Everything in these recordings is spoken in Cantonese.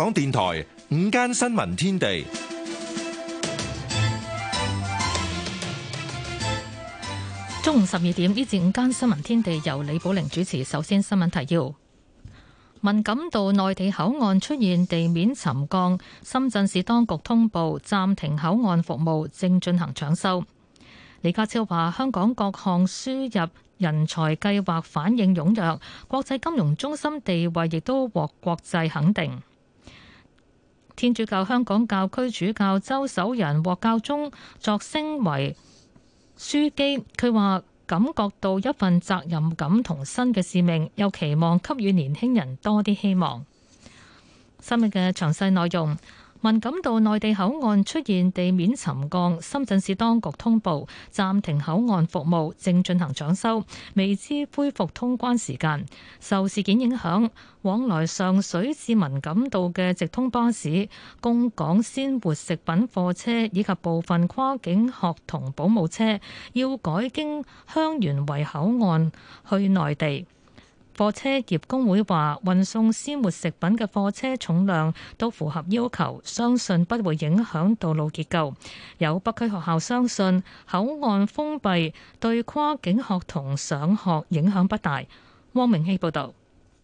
港電台午間新聞天地中午十二點，呢節午間新聞天地由李寶玲主持。首先，新聞提要：敏感度內地口岸出現地面沉降，深圳市當局通報暫停口岸服務，正進行搶修。李家超話：香港各項輸入人才計劃反應踴躍，國際金融中心地位亦都獲國際肯定。天主教香港教區主教周守仁獲教宗擢升為樞機，佢話感覺到一份責任感同新嘅使命，又期望給予年輕人多啲希望。新聞嘅詳細內容。文錦渡內地口岸出現地面沉降，深圳市當局通報暫停口岸服務，正進行搶修，未知恢復通關時間。受事件影響，往來上水至文錦渡嘅直通巴士、供港鮮活食品貨車以及部分跨境學童保姆車，要改經香園圍口岸去內地。貨車業工會話：運送鮮活食品嘅貨車重量都符合要求，相信不會影響道路結構。有北區學校相信口岸封閉對跨境學童上學影響不大。汪明希報導。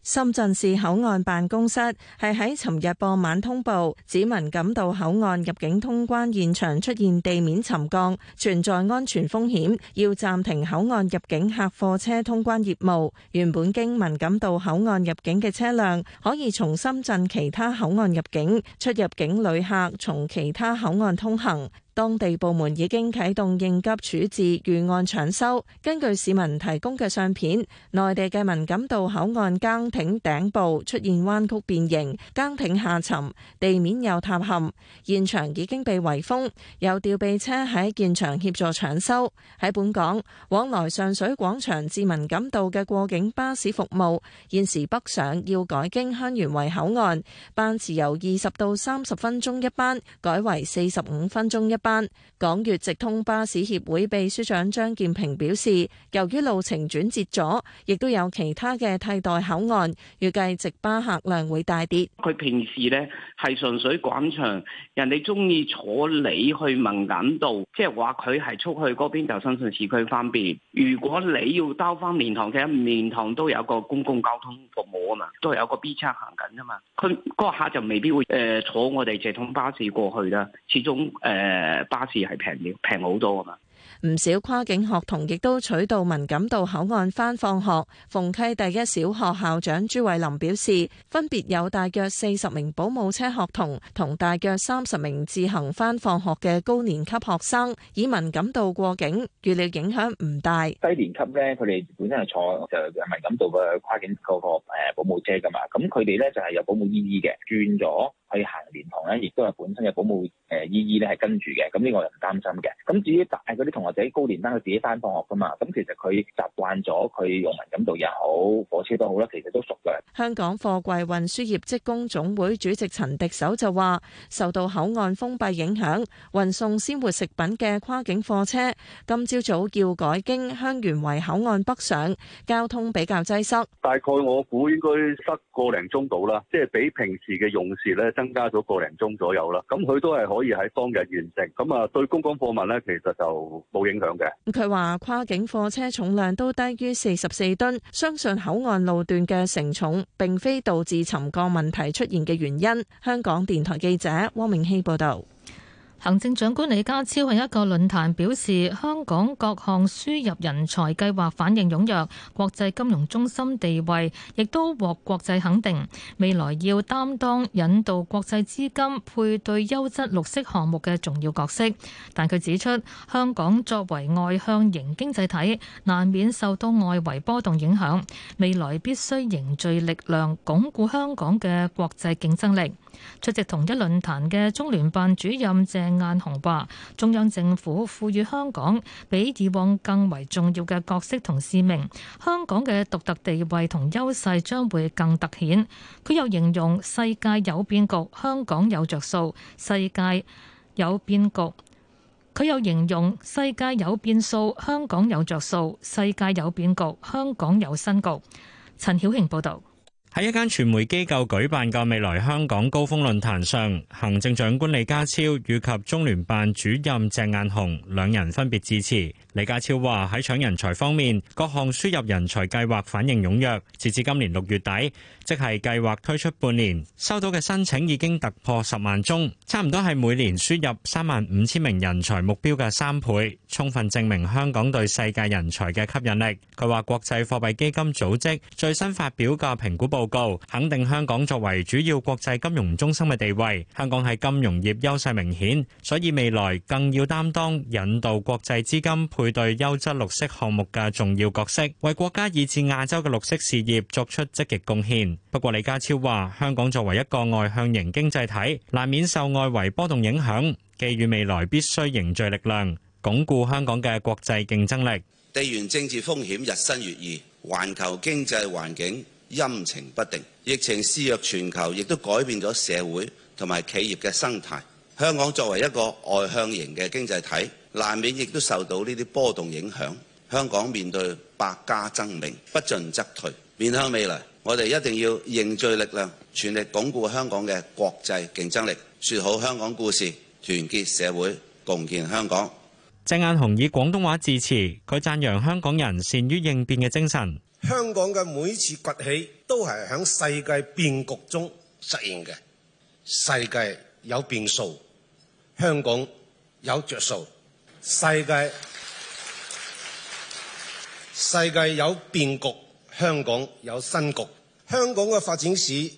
深圳市口岸辦公室係喺尋日傍晚通報，指文錦渡口岸入境通關現場出現地面沉降，存在安全風險，要暫停口岸入境客貨車通關業務，原本經文錦渡口岸入境嘅車輛可以從深圳其他口岸入境，出入境旅客從其他口岸通行。當地部門已經啟動應急處置預案搶修。根據市民提供嘅相片，內地嘅文錦渡口岸崗亭頂部出現彎曲變形，崗亭下沉，地面又塌陷。現場已經被圍封，有吊臂車喺現場協助搶修。喺本港往來上水廣場至文錦渡嘅過境巴士服務，現時北上要改經香園圍口岸，班次由二十到三十分鐘一班改為四十五分鐘一班。班港粵直通巴士協會秘書長張建平表示，由於路程轉折咗，亦都有其他嘅替代口岸，預計直巴客量會大跌。佢平時呢係純粹趕場，人哋中意坐你去文錦渡，即係話佢係出去嗰邊就深圳市區方便。如果你要兜翻蓮塘嘅，蓮塘都有個公共交通服務啊嘛，都有個 B 車行緊啊嘛，佢嗰，那個，客就未必會誒、呃、坐我哋直通巴士過去啦，始終誒。呃巴士係平平好多啊嘛！唔少跨境學童亦都取道文錦渡口岸返放學。鳳溪第一小學校長朱慧琳表示，分別有大約四十名保姆車學童同大約三十名自行返放學嘅高年級學生以文錦渡過境，預料影響唔大。低年級咧，佢哋本身係坐就係文錦渡嘅跨境嗰個誒保姆車㗎嘛，咁佢哋咧就係有保姆姨姨嘅，轉咗。去行蓮塘咧，亦都係本身嘅保姆誒姨姨咧，係跟住嘅。咁呢個又唔擔心嘅。咁至於大嗰啲同學仔高年級佢自己翻放學噶嘛？咁其實佢習慣咗，佢用敏感度又好，火車都好啦，其實都熟嘅。香港貨櫃運輸業職工總會主席陳迪首就話，受到口岸封閉影響，運送鮮活食品嘅跨境貨車今朝早叫改經香園圍口岸北上，交通比較擠塞。大概我估應該塞個零鐘到啦，即係比平時嘅用時咧。增加咗個零鐘左右啦，咁佢都係可以喺當日完成，咁啊對公港貨物呢，其實就冇影響嘅。佢話跨境貨車重量都低於四十四噸，相信口岸路段嘅承重並非導致沉降問題出現嘅原因。香港電台記者汪明希報道。行政長官李家超喺一個論壇表示，香港各項輸入人才計劃反應踴躍，國際金融中心地位亦都獲國際肯定，未來要擔當引導國際資金配對優質綠色項目嘅重要角色。但佢指出，香港作為外向型經濟體，難免受到外圍波動影響，未來必須凝聚力量，鞏固香港嘅國際競爭力。出席同一論壇嘅中聯辦主任鄭雁雄話：中央政府賦予香港比以往更為重要嘅角色同使命，香港嘅獨特地位同優勢將會更突顯。佢又形容世界有變局，香港有着數；世界有變局，佢又形容世界有變數，香港有着數；世界有變局，香港有新局。陳曉慶報導。喺一間傳媒機構舉辦嘅未來香港高峰論壇上，行政長官李家超與及中聯辦主任鄭雁雄兩人分別致辭。李家超話喺搶人才方面，各項輸入人才計劃反應踴躍，截至今年六月底，即係計劃推出半年，收到嘅申請已經突破不過李家超話，香港作為一個外向型經濟體，難免受外圍波動影響。寄於未來，必須凝聚力量，鞏固香港嘅國際競爭力。地緣政治風險日新月異，環球經濟環境陰晴不定，疫情肆虐全球，亦都改變咗社會同埋企業嘅生態。香港作為一個外向型嘅經濟體，難免亦都受到呢啲波動影響。香港面對百家爭鳴，不進則退，面向未來。我哋一定要凝聚力量，全力香港有新局。香港嘅發展史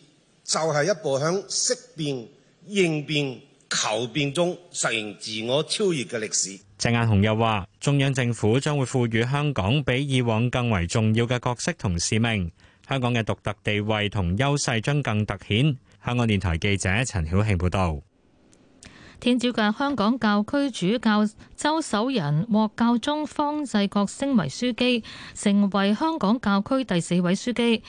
就係一部響識變應變求變中實現自我超越嘅歷史。鄭雁雄又話中央政府將會賦予香港比以往更為重要嘅角色同使命。香港嘅獨特地位同優勢將更凸顯。香港電台記者陳曉慶報道。天主教香港教區主教周守仁獲教宗方濟各升為書記，成為香港教區第四位書記。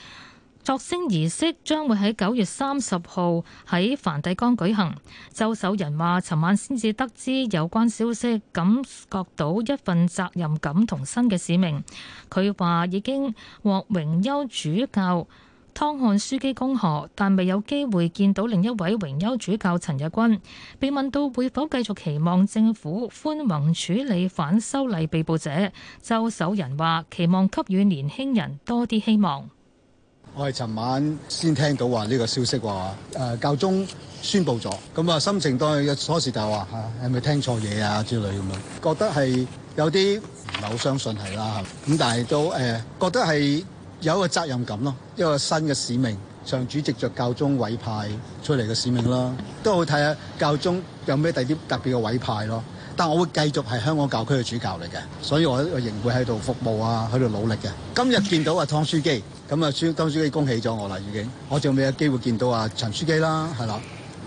擢升儀式將會喺九月三十號喺梵蒂岡舉行。周守仁話尋晚先至得知有關消息，感覺到一份責任感同新嘅使命。佢話已經獲榮休主教。湯漢樞機恭賀，但未有機會見到另一位榮休主教陳日君。被問到會否繼續期望政府寬宏處理反修例被捕者，周守仁話期望給予年輕人多啲希望。我係尋晚先聽到話呢個消息，誒，教宗宣布咗，咁啊，心情當然一初時就話吓，係咪聽錯嘢啊之類咁樣，覺得係有啲唔係好相信係啦，咁但係都誒覺得係。有一個責任感咯，一個新嘅使命，上主席著教宗委派出嚟嘅使命啦，都好睇下教宗有咩第啲特別嘅委派咯。但係我會繼續係香港教區嘅主教嚟嘅，所以我仍會喺度服務啊，喺度努力嘅。今日見到阿湯書記，咁啊書湯書記恭喜咗我啦已經，我仲未有機會見到阿、啊、陳書記啦，係啦。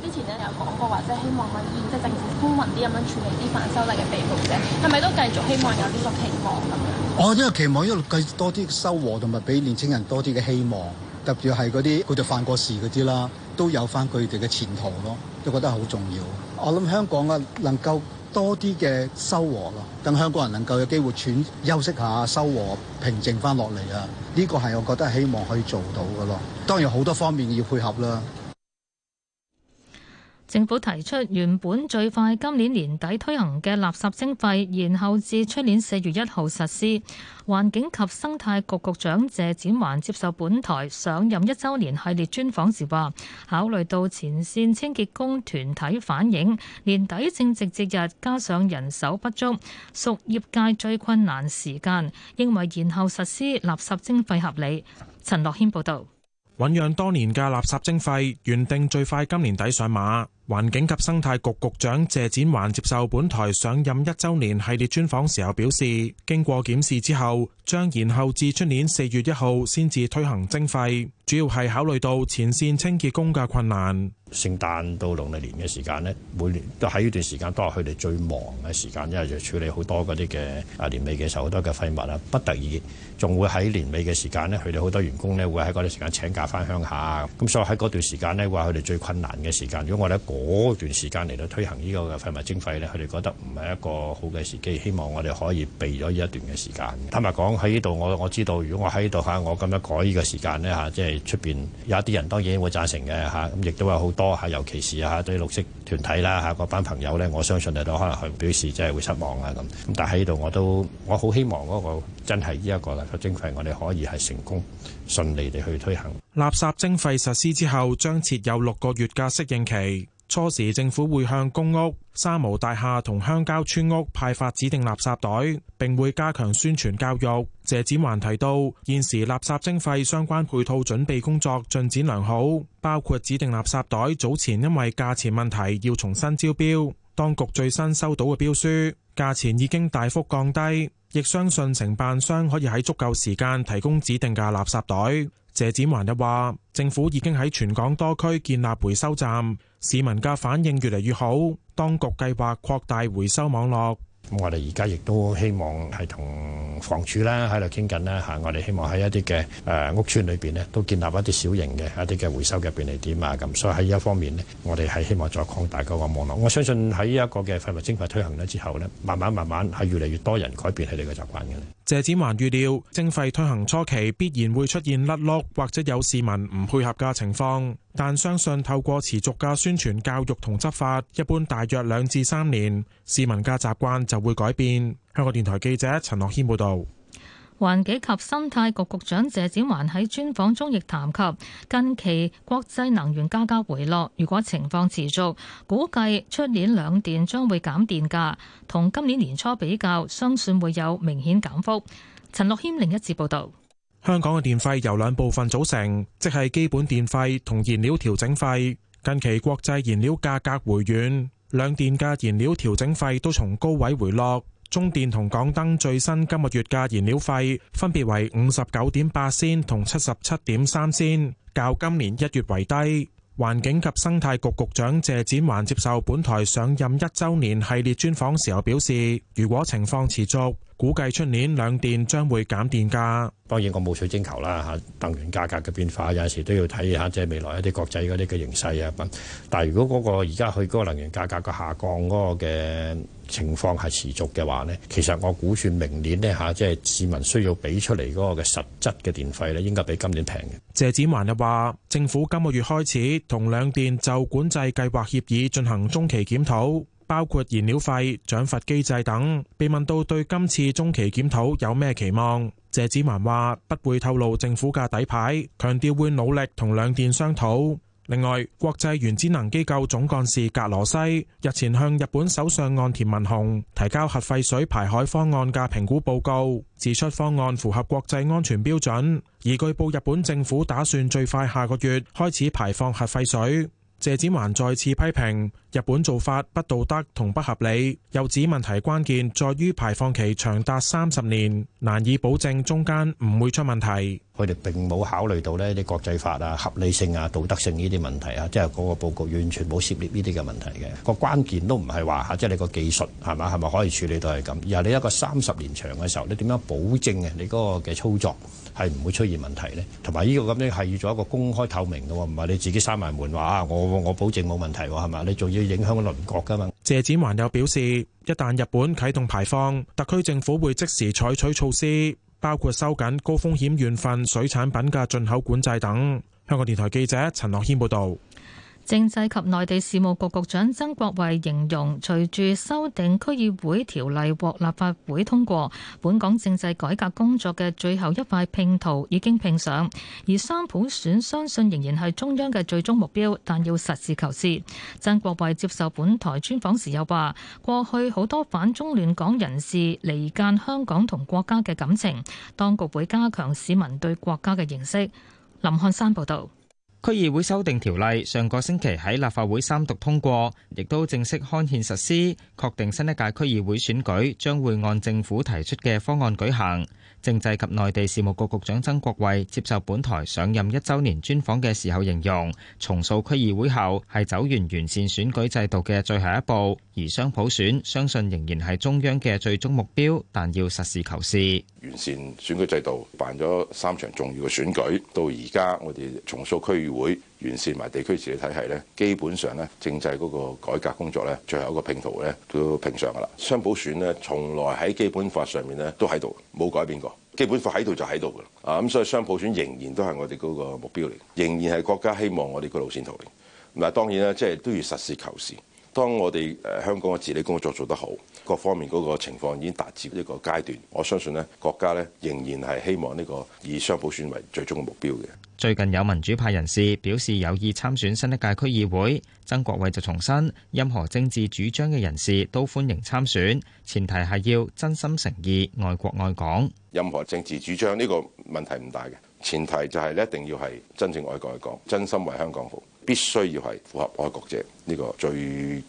之前咧有講過或者、就是、希望可以即係政府。公民啲咁樣處理啲反修例嘅被捕者，係咪都繼續希望有呢個期望咁樣？哦，因為期望一路繼多啲修和，同埋俾年青人多啲嘅希望，特別係嗰啲佢哋犯過事嗰啲啦，都有翻佢哋嘅前途咯，都覺得好重要。我諗香港啊，能夠多啲嘅修和咯，等香港人能夠有機會喘休息下、修和平靜翻落嚟啊，呢、這個係我覺得希望可以做到㗎咯。當然好多方面要配合啦。政府提出原本最快今年年底推行嘅垃圾徵費，延後至出年四月一號實施。環境及生態局局長謝展寰接受本台上任一周年系列專訪時話，考慮到前線清潔工團體反映，年底正值節日，加上人手不足，屬業界最困難時間，認為延後實施垃圾徵費合理。陳樂謙報道。醞釀多年嘅垃圾徵費原定最快今年底上馬。環境及生態局局長謝展寰接受本台上任一周年系列專訪時候表示，經過檢視之後，將延後至出年四月一號先至推行徵費，主要係考慮到前線清潔工嘅困難。聖誕到農曆年嘅時間咧，每年都喺呢段時間都係佢哋最忙嘅時間，因為就處理好多嗰啲嘅啊年尾嘅時候好多嘅廢物啊，不得已仲會喺年尾嘅時間咧，佢哋好多員工咧會喺嗰段時間請假翻鄉下，咁所以喺嗰段時間咧話佢哋最困難嘅時間。如果我喺嗰段時間嚟到推行呢個嘅廢物徵費呢，佢哋覺得唔係一個好嘅時機。希望我哋可以避咗呢一段嘅時間。坦白講喺呢度，我我知道，如果我喺呢度嚇，我咁樣改呢個時間呢，嚇，即係出邊有一啲人當然會贊成嘅嚇，咁亦都有好多嚇，尤其是嚇對啲綠色團體啦嚇，嗰班朋友呢。我相信佢都可能表示即係會失望啊咁。咁但喺呢度我都我好希望嗰個真係呢一個垃圾徵費，我哋可以係成功順利地去推行。垃圾徵費實施之後，將設有六個月嘅適應期。初時政府會向公屋、三無大廈同鄉郊村屋派發指定垃圾袋，並會加強宣傳教育。謝展寰提到，現時垃圾徵費相關配套準備工作進展良好，包括指定垃圾袋早前因為價錢問題要重新招標，當局最新收到嘅標書價錢已經大幅降低，亦相信承辦商可以喺足夠時間提供指定嘅垃圾袋。謝展寰又話：政府已經喺全港多區建立回收站，市民嘅反應越嚟越好。當局計劃擴大回收網絡。咁我哋而家亦都希望係同房署啦，喺度傾緊啦吓。我哋希望喺一啲嘅誒屋村裏邊咧，都建立一啲小型嘅一啲嘅回收嘅便利點啊。咁所以喺呢一方面呢，我哋係希望再擴大嗰個網絡。我相信喺呢一個嘅廢物徵費推行咗之後咧，慢慢慢慢係越嚟越多人改變佢哋嘅習慣嘅。謝展環預料徵費推行初期必然會出現甩轆，或者有市民唔配合嘅情況，但相信透過持續嘅宣傳教育同執法，一般大約兩至三年，市民嘅習慣就會改變。香港電台記者陳樂謙報道。環境及生態局局長謝展寰喺專訪中亦談及，近期國際能源價格回落，如果情況持續，估計出年兩電將會減電價，同今年年初比較，相信會有明顯減幅。陳樂謙另一次報導，香港嘅電費由兩部分組成，即係基本電費同燃料調整費。近期國際燃料價格回軟，兩電嘅燃料調整費都從高位回落。中電同港燈最新今個月嘅燃料費分別為五十九點八仙同七十七點三仙，較今年一月為低。環境及生態局局長謝展環接受本台上任一周年系列專訪時候表示，如果情況持續，估計出年兩電將會減電價。當然我冇取徵求啦吓，能源價格嘅變化有陣時都要睇下即係未來一啲國際嗰啲嘅形勢啊。但係如果嗰個而家去嗰個能源價格嘅下降嗰個嘅。情況係持續嘅話呢其實我估算明年呢，嚇，即係市民需要俾出嚟嗰個嘅實質嘅電費呢應該比今年平嘅。謝展寰又話：政府今個月開始同兩電就管制計劃協議進行中期檢討，包括燃料費、獎罰機制等。被問到對今次中期檢討有咩期望，謝展寰話：不會透露政府嘅底牌，強調會努力同兩電商討。另外，國際原子能機構總幹事格羅西日前向日本首相岸田文雄提交核廢水排海方案嘅評估報告，指出方案符合國際安全標準。而據報，日本政府打算最快下個月開始排放核廢水。謝展環再次批評日本做法不道德同不合理，又指問題關鍵在於排放期長達三十年，難以保證中間唔會出問題。佢哋並冇考慮到呢啲國際法啊、合理性啊、道德性呢啲問題啊，即係嗰個報告完全冇涉獵呢啲嘅問題嘅。個關鍵都唔係話嚇，即係你個技術係嘛，係咪可以處理到係咁？而係你一個三十年長嘅時候，你點樣保證嘅你嗰個嘅操作？係唔會出現問題呢？同埋呢個咁樣係要做一個公開透明嘅喎、啊，唔係你自己閂埋門話啊，我我保證冇問題喎、啊，係嘛？你仲要影響鄰國嘅嘛、啊？謝展環又表示，一旦日本啟動排放，特區政府會即時採取措施，包括收緊高風險縣份水產品嘅進口管制等。香港電台記者陳樂軒報導。政制及內地事務局局長曾國衛形容，隨住修訂區議會條例獲立法會通過，本港政制改革工作嘅最後一塊拼圖已經拼上。而雙普選相信仍然係中央嘅最終目標，但要實事求是。曾國衛接受本台專訪時又話，過去好多反中亂港人士離間香港同國家嘅感情，當局會加強市民對國家嘅認識。林漢山報導。區議會修訂條例，上個星期喺立法會三讀通過，亦都正式刊憲實施，確定新一屆區議會選舉將會按政府提出嘅方案舉行。政制及內地事務局長曾國衛接受本台上任一周年專訪嘅時候形容重塑區議會後係走完完善選舉制度嘅最後一步，而雙普選相信仍然係中央嘅最終目標，但要實事求是。完善選舉制度辦咗三場重要嘅選舉，到而家我哋重塑區議會完善埋地區治理體系咧，基本上咧政制嗰個改革工作咧，最後一個拼圖咧都拼上噶啦。雙普選咧，從來喺基本法上面咧都喺度，冇改變過。基本法喺度就喺度噶啦。啊咁，所以雙普選仍然都係我哋嗰個目標嚟，仍然係國家希望我哋個路線圖嚟。嗱，當然啦，即係都要實事求是。當我哋誒香港嘅治理工作做得好。各方面嗰個情況已經達至一個階段，我相信咧國家咧仍然係希望呢、這個以雙普選為最終嘅目標嘅。最近有民主派人士表示有意參選新一屆區議會，曾國衛就重申，任何政治主張嘅人士都歡迎參選，前提係要真心誠意愛國愛港。任何政治主張呢個問題唔大嘅，前提就係一定要係真正愛國愛港，真心為香港好，必須要係符合愛國者呢、這個最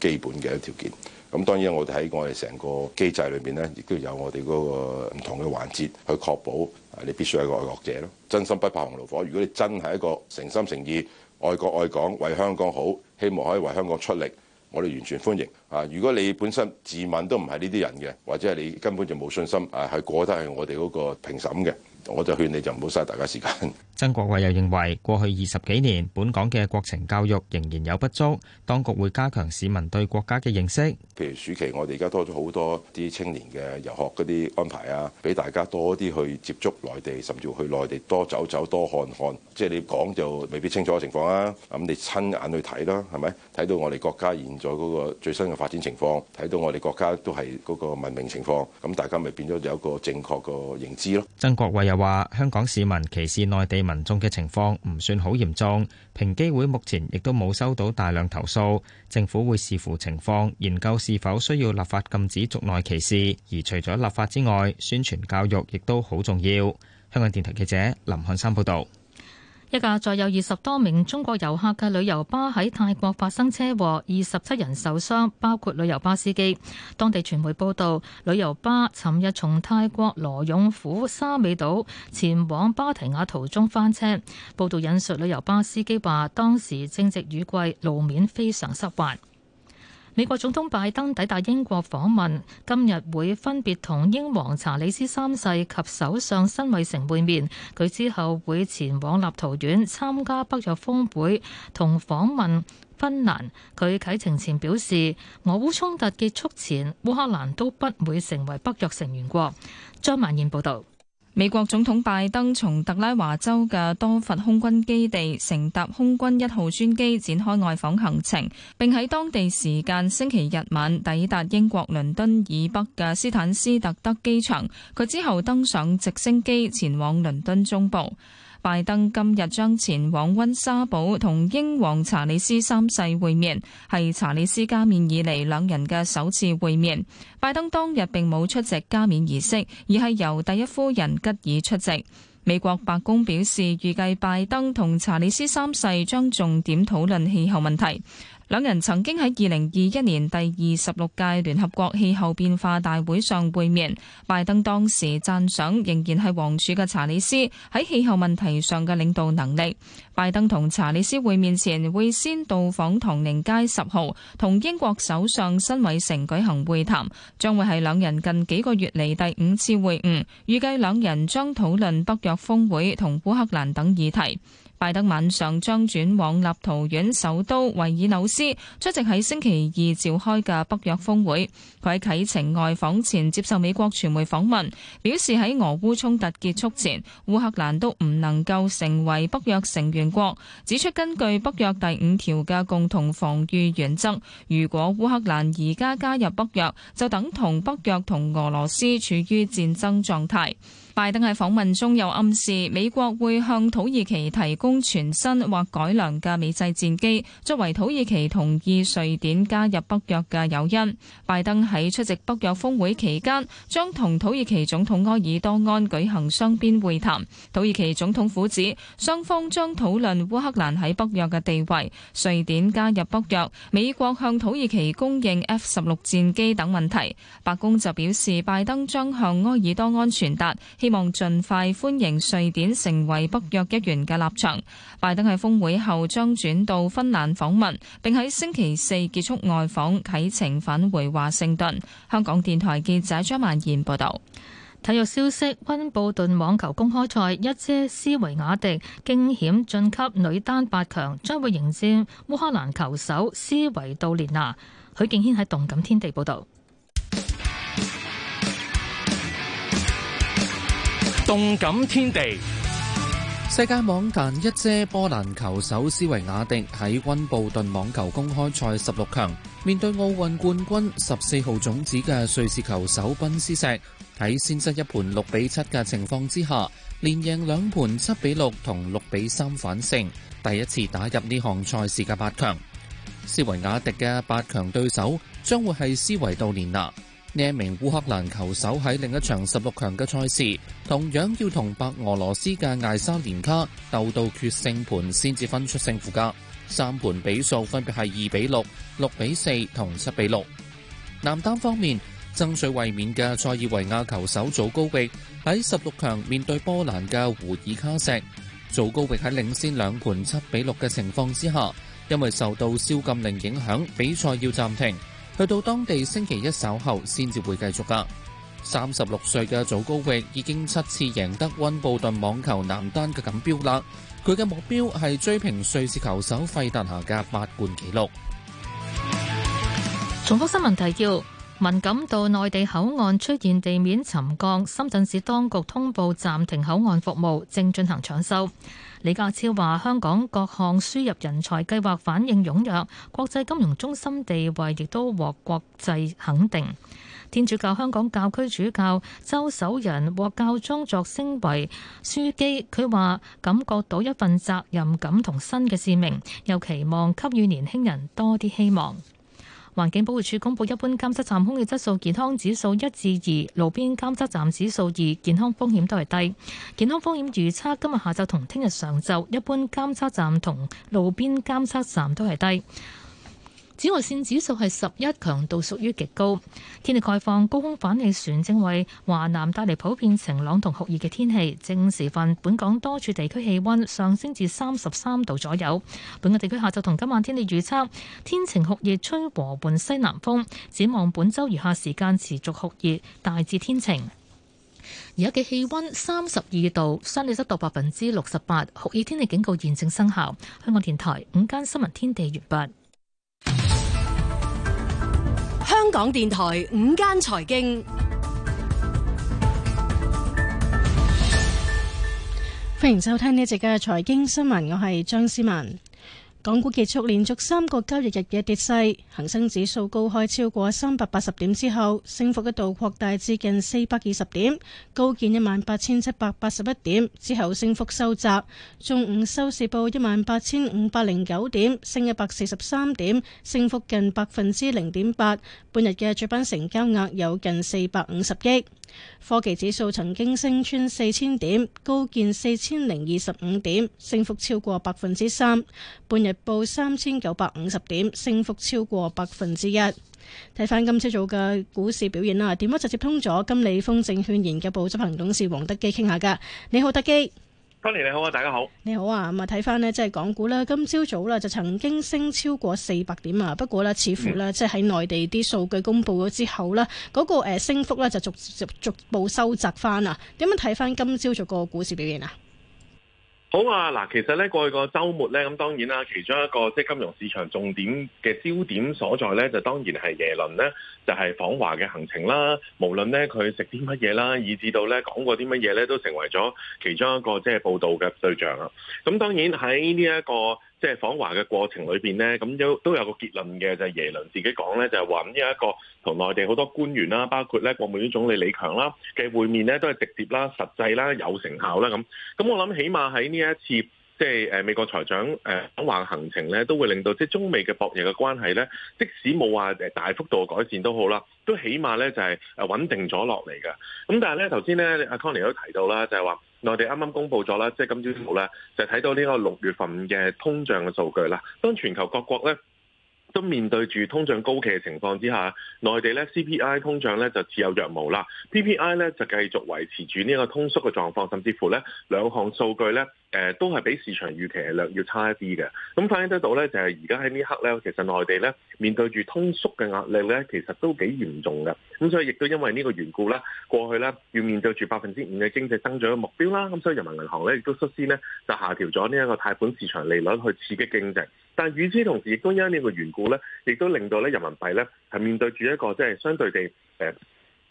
基本嘅條件。咁當然，我哋喺我哋成個機制裏面咧，亦都有我哋嗰個唔同嘅環節去確保，你必須係個愛國者咯。真心不怕紅爐火，如果你真係一個誠心誠意愛國愛港、為香港好，希望可以為香港出力，我哋完全歡迎。啊，如果你本身自問都唔係呢啲人嘅，或者係你根本就冇信心，啊，係過得去我哋嗰個評審嘅。我就勸你就唔好嘥大家時間。曾國衛又認為，過去二十幾年，本港嘅國情教育仍然有不足，當局會加強市民對國家嘅認識，譬如暑期，我哋而家多咗好多啲青年嘅遊學嗰啲安排啊，俾大家多啲去接觸內地，甚至去內地多走走、多看看。即係你講就未必清楚嘅情況啊，咁你親眼去睇啦，係咪？睇到我哋國家現在嗰個最新嘅發展情況，睇到我哋國家都係嗰個文明情況，咁大家咪變咗有個正確個認知咯。曾國衛又，話香港市民歧視內地民眾嘅情況唔算好嚴重，平機會目前亦都冇收到大量投訴，政府會視乎情況研究是否需要立法禁止族內歧視，而除咗立法之外，宣傳教育亦都好重要。香港電台記者林漢山報道。一架載有二十多名中國遊客嘅旅遊巴喺泰國發生車禍，二十七人受傷，包括旅遊巴司機。當地傳媒報道，旅遊巴尋日從泰國羅勇府沙美島前往芭提雅途中翻車。報道引述旅遊巴司機話當時正值雨季，路面非常濕滑。美國總統拜登抵達英國訪問，今日會分別同英皇查理斯三世及首相辛偉誠會面。佢之後會前往立陶宛參加北約峰會同訪問芬蘭。佢啟程前表示，俄烏衝突結束前，烏克蘭都不會成為北約成員國。張曼燕報導。美國總統拜登從特拉華州嘅多佛空軍基地乘搭空軍一號專機展開外訪行程，並喺當地時間星期日晚抵達英國倫敦以北嘅斯坦斯特德機場。佢之後登上直升機前往倫敦中部。拜登今日將前往溫莎堡同英皇查理斯三世會面，係查理斯加冕以嚟兩人嘅首次會面。拜登當日並冇出席加冕儀式，而係由第一夫人吉爾出席。美國白宮表示，預計拜登同查理斯三世將重點討論氣候問題。兩人曾經喺二零二一年第二十六屆聯合國氣候變化大會上會面，拜登當時讚賞仍然係王儲嘅查理斯喺氣候問題上嘅領導能力。拜登同查理斯會面前會先到訪唐寧街十號，同英國首相辛偉誠舉行會談，將會係兩人近幾個月嚟第五次會晤。預計兩人將討論北約峰會同烏克蘭等議題。拜登晚上將轉往立陶宛首都維爾紐斯出席喺星期二召開嘅北約峰會。佢喺啟程外訪前接受美國傳媒訪問，表示喺俄烏衝突，突結束前，烏克蘭都唔能夠成為北約成員。指出，根據北約第五條嘅共同防禦原則，如果烏克蘭而家加入北約，就等同北約同俄羅斯處於戰爭狀態。拜登喺訪問中又暗示美國會向土耳其提供全新或改良嘅美製戰機，作為土耳其同意瑞典加入北約嘅誘因。拜登喺出席北約峰會期間，將同土耳其總統埃爾多安舉行雙邊會談。土耳其總統府指，雙方將討論烏克蘭喺北約嘅地位、瑞典加入北約、美國向土耳其供應 F 十六戰機等問題。白宮就表示，拜登將向埃爾多安傳達。希望盡快歡迎瑞典成為北約一員嘅立場。拜登喺峰會後將轉到芬蘭訪問，並喺星期四結束外訪，啟程返回華盛頓。香港電台記者張曼燕報道。體育消息：溫布頓網球公開賽，一姐斯維亞迪驚險晉級女單八強，將會迎戰烏克蘭球手斯維杜列娜。許敬軒喺動感天地報道。動感天地，世界網壇一姐波蘭球手斯維亞迪喺溫布頓網球公開賽十六強面對奧運冠軍十四號種子嘅瑞士球手賓斯石，喺先失一盤六比七嘅情況之下，連贏兩盤七比六同六比三反勝，第一次打入呢項賽事嘅八強。斯維亞迪嘅八強對手將會係斯維杜連娜。呢一名烏克蘭球手喺另一場十六強嘅賽事，同樣要同白俄羅斯嘅艾沙連卡鬥到決勝盤先至分出勝負嘅。三盤比數分別係二比六、六比四同七比六。男單方面，爭取衛冕嘅塞爾維亞球手祖高域喺十六強面對波蘭嘅胡爾卡錫，祖高域喺領先兩盤七比六嘅情況之下，因為受到宵禁令影響，比賽要暫停。去到當地星期一稍後，先至會繼續㗎。三十六歲嘅祖高域已經七次贏得溫布頓網球男單嘅錦標啦。佢嘅目標係追平瑞士球手費達拿嘅八冠紀錄。重複新聞提要。敏感到內地口岸出現地面沉降，深圳市當局通報暫停口岸服務，正進行搶修。李家超話：香港各項輸入人才計劃反應踴躍，國際金融中心地位亦都獲國際肯定。天主教香港教區主教周守仁獲教宗擢升為書記，佢話感覺到一份責任感同新嘅使命，又期望給予年輕人多啲希望。環境保護署公布，一般監測站空氣質素健康指數一至二，路邊監測站指數二，健康風險都係低。健康風險預測今日下晝同聽日上晝，一般監測站同路邊監測站都係低。紫外線指數係十一，強度屬於極高。天氣概況，高空反氣旋正為華南帶嚟普遍晴朗同酷熱嘅天氣。正正時分，本港多處地區氣温上升至三十三度左右。本港地區下晝同今晚天氣預測，天晴酷熱，吹和緩西南風。展望本週餘下時間持續酷熱，大致天晴。而家嘅氣温三十二度，相對濕度百分之六十八，酷熱天氣警告現正生效。香港電台午間新聞天地，袁拔。香港電台午間財經，歡迎收聽呢一節嘅財經新聞，我係張思文。港股結束連續三個交易日嘅跌勢，恒生指數高開超過三百八十點之後，升幅一度擴大至近四百二十點，高見一萬八千七百八十一點之後升幅收窄，中午收市報一萬八千五百零九點，升一百四十三點，升幅近百分之零點八。半日嘅主板成交額有近四百五十億。科技指數曾經升穿四千點，高見四千零二十五點，升幅超過百分之三。半日。報三千九百五十點，升幅超過百分之一。睇翻今朝早嘅股市表現啦，點樣就接通咗金利豐證券研究部執行董事黃德基傾下噶。你好，德基。今年你好啊，大家好。你好啊，咁啊睇翻呢即係港股啦，今朝早啦就曾經升超過四百點啊，不過咧似乎咧即係喺內地啲數據公布咗之後咧，嗰、嗯、個誒升幅咧就逐逐逐，逐步收窄翻啊。點樣睇翻今朝早個股市表現啊？好啊，嗱，其實咧過去個週末咧，咁當然啦，其中一個即係、就是、金融市場重點嘅焦點所在咧，就當然係耶倫咧，就係、是、訪華嘅行程啦。無論咧佢食啲乜嘢啦，以至到咧講過啲乜嘢咧，都成為咗其中一個即係、就是、報導嘅對象啊。咁當然喺呢一個，即係訪華嘅過程裏邊咧，咁都都有個結論嘅，就係耶倫自己講咧，就係話呢一個同內地好多官員啦，包括咧國務院總理李強啦嘅會面咧，都係直接啦、實際啦、有成效啦咁。咁我諗起碼喺呢一次即係誒美國財長誒訪華行程咧，都會令到即係中美嘅博弈嘅關係咧，即使冇話誒大幅度改善都好啦，都起碼咧就係誒穩定咗落嚟嘅。咁但係咧頭先咧阿 Connie 都提到啦，就係話。內地啱啱公布咗啦，即係今朝早咧就睇到呢一個六月份嘅通脹嘅數據啦。當全球各國咧都面對住通脹高企嘅情況之下，內地咧 CPI 通脹咧就似有若無啦，PPI 咧就繼續維持住呢個通縮嘅狀況，甚至乎咧兩項數據咧。誒都係比市場預期量要差一啲嘅，咁反映得到咧就係而家喺呢刻咧，其實內地咧面對住通縮嘅壓力咧，其實都幾嚴重嘅，咁所以亦都因為呢個緣故啦，過去咧要面對住百分之五嘅經濟增長嘅目標啦，咁所以人民銀行咧亦都率先咧就下調咗呢一個貸款市場利率去刺激經濟，但係與此同時亦都因為呢個緣故咧，亦都令到咧人民幣咧係面對住一個即係相對地誒。呃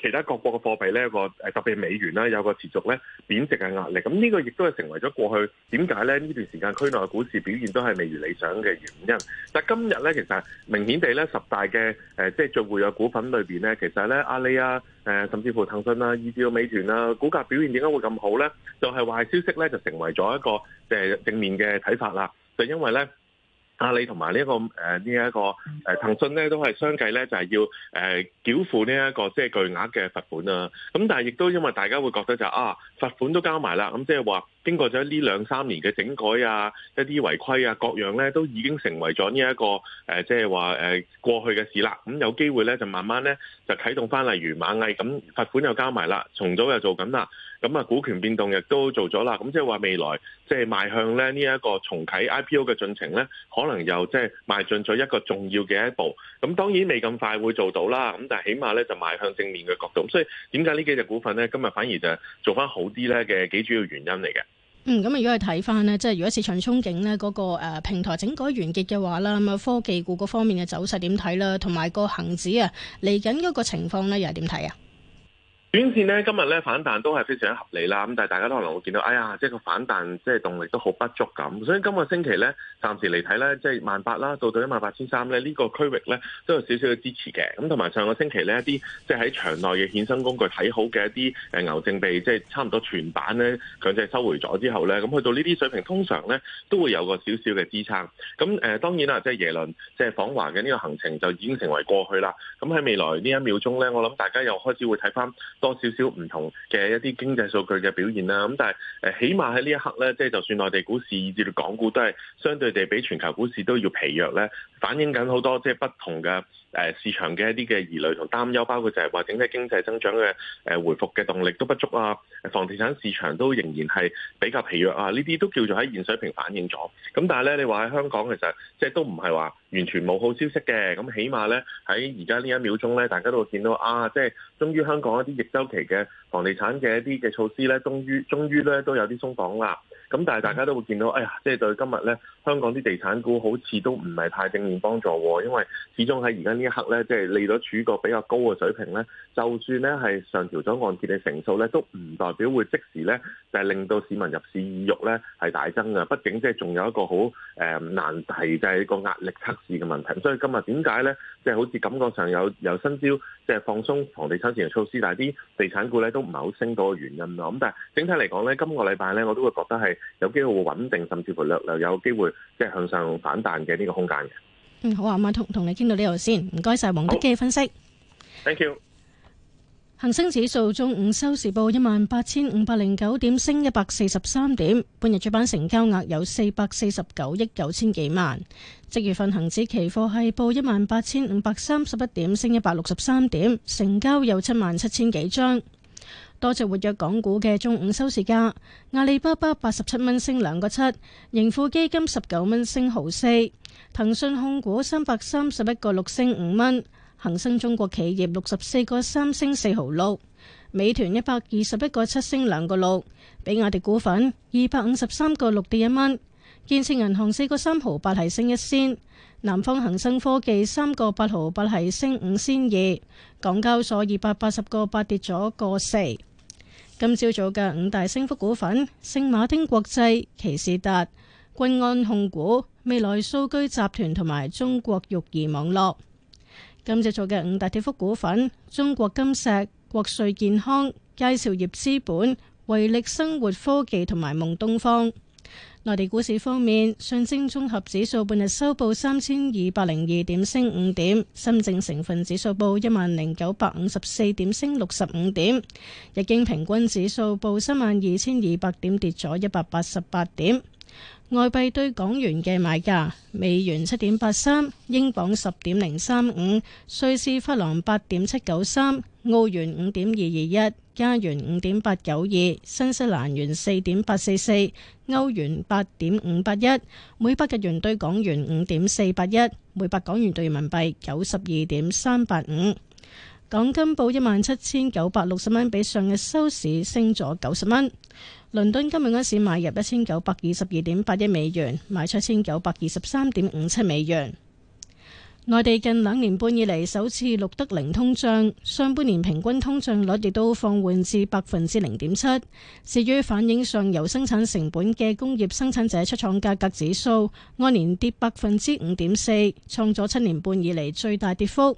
其他各國嘅貨幣咧個誒特別係美元啦，有個持續咧貶值嘅壓力，咁呢個亦都係成為咗過去點解咧呢段時間區內嘅股市表現都係未如理想嘅原因。但係今日咧，其實明顯地咧，十大嘅誒即係最活躍嘅股份裏邊咧，其實咧阿里啊誒、呃，甚至乎騰訊啊，以至到美團啊，股價表現點解會咁好咧？就係、是、壞消息咧，就成為咗一個誒、呃、正面嘅睇法啦，就因為咧。阿里同埋呢一個誒呢一個誒、呃、騰訊咧都係相繼咧就係、是、要誒繳、呃、付呢、呢、一個即係、就是、巨額嘅罰款啊！咁但係亦都因為大家會覺得就是、啊罰款都交埋啦，咁即係話。就是經過咗呢兩三年嘅整改啊，一啲違規啊各樣咧，都已經成為咗呢一個誒，即係話誒過去嘅事啦。咁有機會咧，就慢慢咧就啟動翻，例如螞蟻咁罰款又交埋啦，重組又做緊啦，咁啊股權變動亦都做咗啦。咁即係話未來即係邁向咧呢一個重啟 IPO 嘅進程咧，可能又即係邁進咗一個重要嘅一步。咁當然未咁快會做到啦，咁但係起碼咧就邁向正面嘅角度。所以點解呢幾隻股份咧今日反而就做翻好啲咧嘅幾主要原因嚟嘅？嗯，咁如果係睇翻呢，即係如果市場憧憬呢，嗰個誒平台整改完結嘅話啦，咁啊科技股嗰方面嘅走勢點睇啦？同埋個恒指啊嚟緊嗰個情況呢，又係點睇啊？短線咧今日咧反彈都係非常合理啦，咁但係大家都可能會見到，哎呀，即係個反彈即係動力都好不足咁，所以今個星期咧暫時嚟睇咧，即係萬八啦，到到一萬八千三咧呢個區域咧都有少少嘅支持嘅，咁同埋上個星期呢，一啲即係喺場內嘅衍生工具睇好嘅一啲誒牛證被，即係差唔多全版咧強制收回咗之後咧，咁去到呢啲水平通常咧都會有個少少嘅支撐，咁誒當然啦，即係耶倫即係訪華嘅呢個行程就已經成為過去啦，咁喺未來呢一秒鐘咧，我諗大家又開始會睇返，多少少唔同嘅一啲經濟數據嘅表現啦，咁但係誒，起碼喺呢一刻咧，即係就算內地股市以至港股都係相對地比全球股市都要疲弱咧，反映緊好多即係不同嘅。誒市場嘅一啲嘅疑慮同擔憂，包括就係話整體經濟增長嘅誒、呃、回復嘅動力都不足啊，房地產市場都仍然係比較疲弱啊，呢啲都叫做喺現水平反映咗。咁但係咧，你話喺香港其實即係都唔係話完全冇好消息嘅。咁起碼咧喺而家呢一秒鐘咧，大家都會見到啊，即係終於香港一啲逆周期嘅房地產嘅一啲嘅措施咧，終於終於咧都有啲鬆綁啦。咁但係大家都會見到，哎呀，即係對今日咧，香港啲地產股好似都唔係太正面幫助喎，因為始終喺而家呢一刻咧，即係利率處於一個比較高嘅水平咧，就算咧係上調咗按揭嘅成數咧，都唔代表會即時咧就係令到市民入市意欲咧係大增嘅。畢竟即係仲有一個好誒難題，就係個壓力測試嘅問題。所以今日點解咧，即係好似感覺上有有新招，即係放鬆房地產市場措施，但係啲地產股咧都唔係好升到嘅原因啊。咁但係整體嚟講咧，今個禮拜咧，我都會覺得係。有機會穩定，甚至乎略略有機會即係向上反彈嘅呢個空間嘅。嗯，好啊，咁啊同同你傾到呢度先，唔該晒，黃德基分析。Thank you。恆生指數中午收市報一萬八千五百零九點，升一百四十三點。半日主板成交額有四百四十九億九千幾萬。即月份恆指期貨係報一萬八千五百三十一點，升一百六十三點，成交有七萬七千幾張。多隻活躍港股嘅中午收市價，阿里巴巴八十七蚊升兩個七，盈富基金十九蚊升毫四，騰訊控股三百三十一個六升五蚊，恒生中國企業六十四個三升四毫六，美團一百二十一個七升兩個六，比亞迪股份二百五十三個六跌一蚊，建設銀行四個三毫八係升一仙，南方恒生科技三個八毫八係升五仙二，港交所二百八十個八跌咗個四。今朝早嘅五大升幅股份：聖馬丁國際、奇士達、君安控股、未來數據集團同埋中國育兒網絡。今朝早嘅五大跌幅股，股份：中國金石、國瑞健康、佳兆業資本、維力生活科技同埋夢東方。內地股市方面，上證綜合指數半日收報三千二百零二點，升五點；深證成分指數報一萬零九百五十四點，升六十五點；日經平均指數報三萬二千二百點，跌咗一百八十八點。外幣對港元嘅買價：美元七點八三，英鎊十點零三五，瑞士法郎八點七九三，澳元五點二二一，加元五點八九二，新西蘭元四點八四四，歐元八點五八一，每百日元對港元五點四八一，每百港元對人民幣九十二點三八五。港金報一萬七千九百六十蚊，比上日收市升咗九十蚊。倫敦今日開市買入一千九百二十二點八一美元，賣出一千九百二十三點五七美元。內地近兩年半以嚟首次錄得零通脹，上半年平均通脹率亦都放緩至百分之零點七。至於反映上游生產成本嘅工業生產者出廠價格指數，按年跌百分之五點四，創咗七年半以嚟最大跌幅。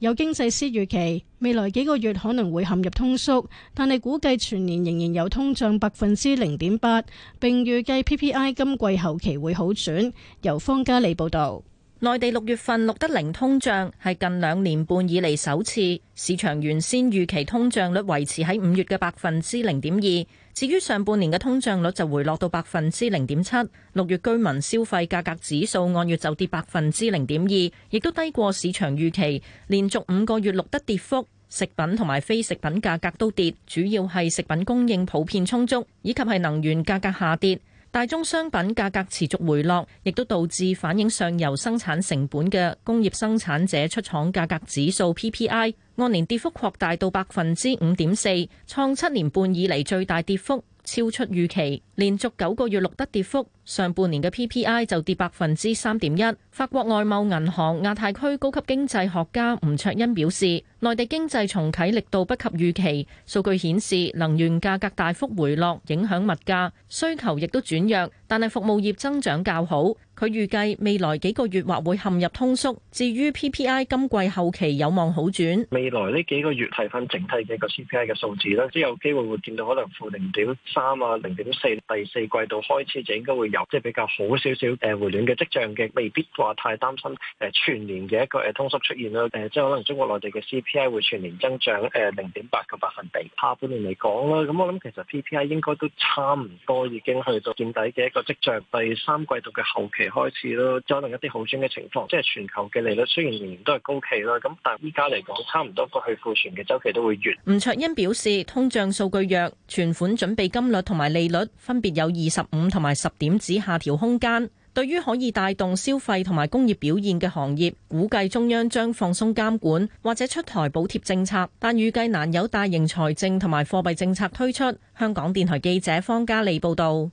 有經濟師預期，未來幾個月可能會陷入通縮，但係估計全年仍然有通脹百分之零點八。並預計 PPI 今季後期會好轉，由方嘉利報導。內地六月份錄得零通脹，係近兩年半以嚟首次。市場原先預期通脹率維持喺五月嘅百分之零點二。至於上半年嘅通脹率就回落到百分之零點七。六月居民消費價格指數按月就跌百分之零點二，亦都低過市場預期。連續五個月錄得跌幅，食品同埋非食品價格都跌，主要係食品供應普遍充足，以及係能源價格下跌。大宗商品價格持續回落，亦都導致反映上游生產成本嘅工業生產者出廠價格指數 PPI 按年跌幅擴大到百分之五點四，創七年半以嚟最大跌幅。超出預期，連續九個月錄得跌幅。上半年嘅 PPI 就跌百分之三點一。法國外貿銀行亞太區高級經濟學家吳卓恩表示，內地經濟重啟力度不及預期。數據顯示，能源價格大幅回落，影響物價，需求亦都轉弱。但係服務業增長較好。佢預計未來幾個月或會陷入通縮。至於 PPI 今季後期有望好轉。未來呢幾個月睇返整體嘅一個 CPI 嘅數字啦，即係有機會會見到可能負零點三啊、零點四。第四季度開始就應該會有即係比較好少少誒回暖嘅跡象嘅，未必話太擔心誒全年嘅一個誒通縮出現啦。誒、呃、即係可能中國內地嘅 CPI 會全年增長誒零點八個百分比。下半年嚟講啦，咁我諗其實 PPI 應該都差唔多已經去到見底嘅一個跡象。第三季度嘅後期。開始咯，可能一啲好轉嘅情況，即係全球嘅利率雖然仍然都係高企啦，咁但係依家嚟講，差唔多過去庫存嘅周期都會越。吳卓欣表示，通脹數據弱，存款準備金率同埋利率分別有二十五同埋十點子下調空間。對於可以帶動消費同埋工業表現嘅行業，估計中央將放鬆監管或者出台補貼政策，但預計難有大型財政同埋貨幣政策推出。香港電台記者方嘉利報導。。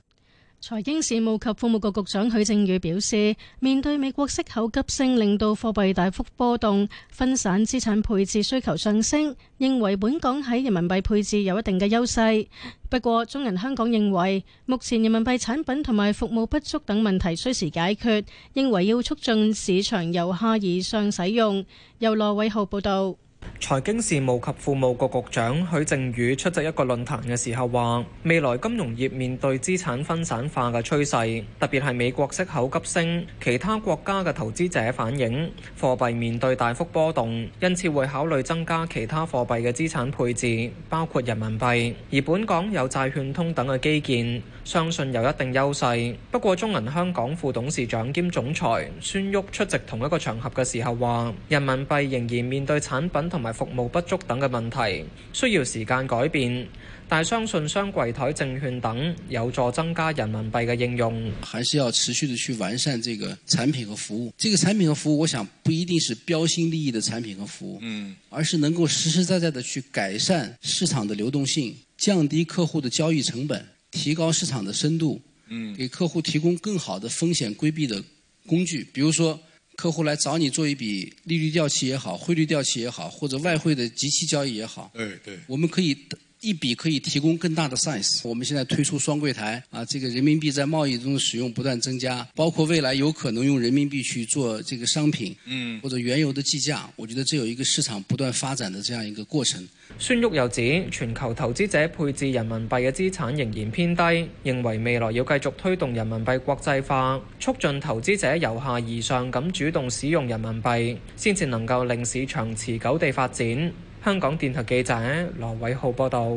財經事務及庫務局局長許正宇表示，面對美國息口急升，令到貨幣大幅波動，分散資產配置需求上升，認為本港喺人民幣配置有一定嘅優勢。不過，中銀香港認為，目前人民幣產品同埋服務不足等問題需時解決，認為要促進市場由下而上使用。由羅偉浩報道。財經事務及庫務局局長許正宇出席一個論壇嘅時候話：未來金融業面對資產分散化嘅趨勢，特別係美國息口急升，其他國家嘅投資者反映，貨幣面對大幅波動，因此會考慮增加其他貨幣嘅資產配置，包括人民幣。而本港有債券通等嘅基建，相信有一定優勢。不過中銀香港副董事長兼總裁孫旭出席同一個場合嘅時候話：人民幣仍然面對產品。同埋服務不足等嘅問題，需要時間改變，但相信雙櫃枱證券等有助增加人民幣嘅應用。還是要持續的去完善這個產品和服務。這個產品和服務，我想不一定是標新立異的產品和服務，嗯，而是能夠實實在在的去改善市場的流動性，降低客戶的交易成本，提高市場的深度，嗯，給客戶提供更好的風險規避的工具，比如說。客戶來找你做一筆利率掉期也好，匯率掉期也好，或者外匯的即期交易也好，對，對，我們可以。一筆可以提供更大的 size。我們現在推出雙櫃台，啊，這個人民幣在貿易中使用不斷增加，包括未來有可能用人民幣去做這個商品，嗯，或者原油的計價。我覺得這有一個市場不斷發展的這樣一個過程。孫煜又指，全球投資者配置人民幣嘅資產仍然偏低，認為未來要繼續推動人民幣國際化，促進投資者由下而上咁主動使用人民幣，先至能夠令市場持久地發展。香港電台記者羅偉浩報道。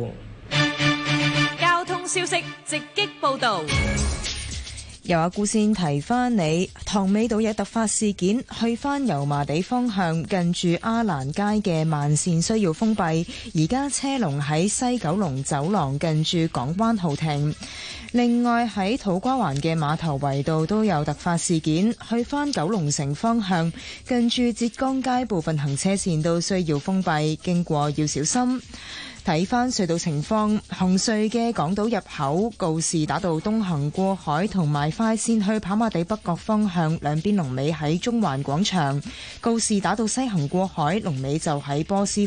交通消息直擊報道。由阿姑先提翻你，塘尾道有突發事件，去返油麻地方向近住阿蘭街嘅慢線需要封閉，而家車龍喺西九龍走廊近住港灣豪庭。另外喺土瓜灣嘅碼頭圍道都有突發事件，去翻九龍城方向近住浙江街部分行車線都需要封閉，經過要小心。睇翻隧道情況，紅隧嘅港島入口告士打道東行過海同埋快線去跑馬地北角方向兩邊龍尾喺中環廣場，告士打道西行過海龍尾就喺波斯。